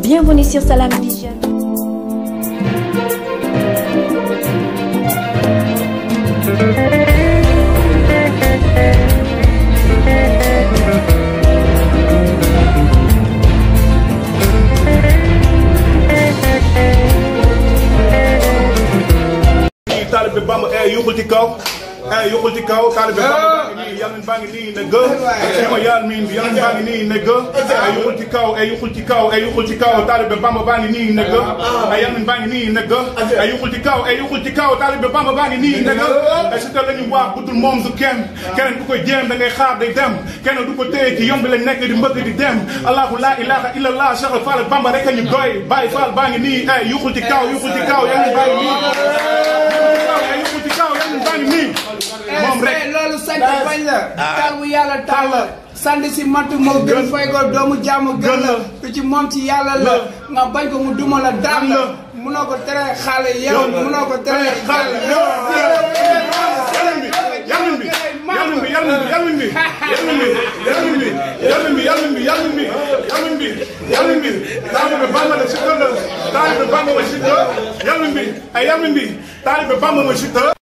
Bienvenue sur Salam Vision. taalibe Bamba eh, yóbbul ci kaw eh, yóbbul ci kaw taalibe Bamba baa ngi nii ne gë ma yàlla miin bi yonent baa ngi nii ne gë ay yuxul ci kaw ay yuxul ci kaw ay yuxul ci kaw taalibe Bamba baa ngi nii ne gë ay yonent baa ngi nii ne gë ay yuxul ci kaw ay yuxul ci kaw taalibe Bamba baa ngi nii ne gë ay su la ñu wax budul moom su kenn keneen ku koy jéem da ngay xaar day dem keneen du ko téye ci yomb lañ nekk di mbëgg di dem allahu la ilaha illallah Cheikh Fall Bamba rek a ñu doy bàyyi Fall baa ngi nii ay yuxul ci kaw yuxul ci kaw yonent baa ngi nii te bañ la. taal bu yàlla taal la. sànni si matt moo gën fay ko doomu jaamu gën la tu ci moom ci yàlla la nga bañ ko mu duma la daan la munoo ko tere xaale yow munoo ko tere xaale yow yàlla bi yàlla bi yàlla bi yàlla bi yàlla bi yàlla bi yàlla bi yàlla bi yàlla bi taalibe Bamba la si taalibe Bamba ma si yàlla bi ay yàlla bi taalibe Bamba ma si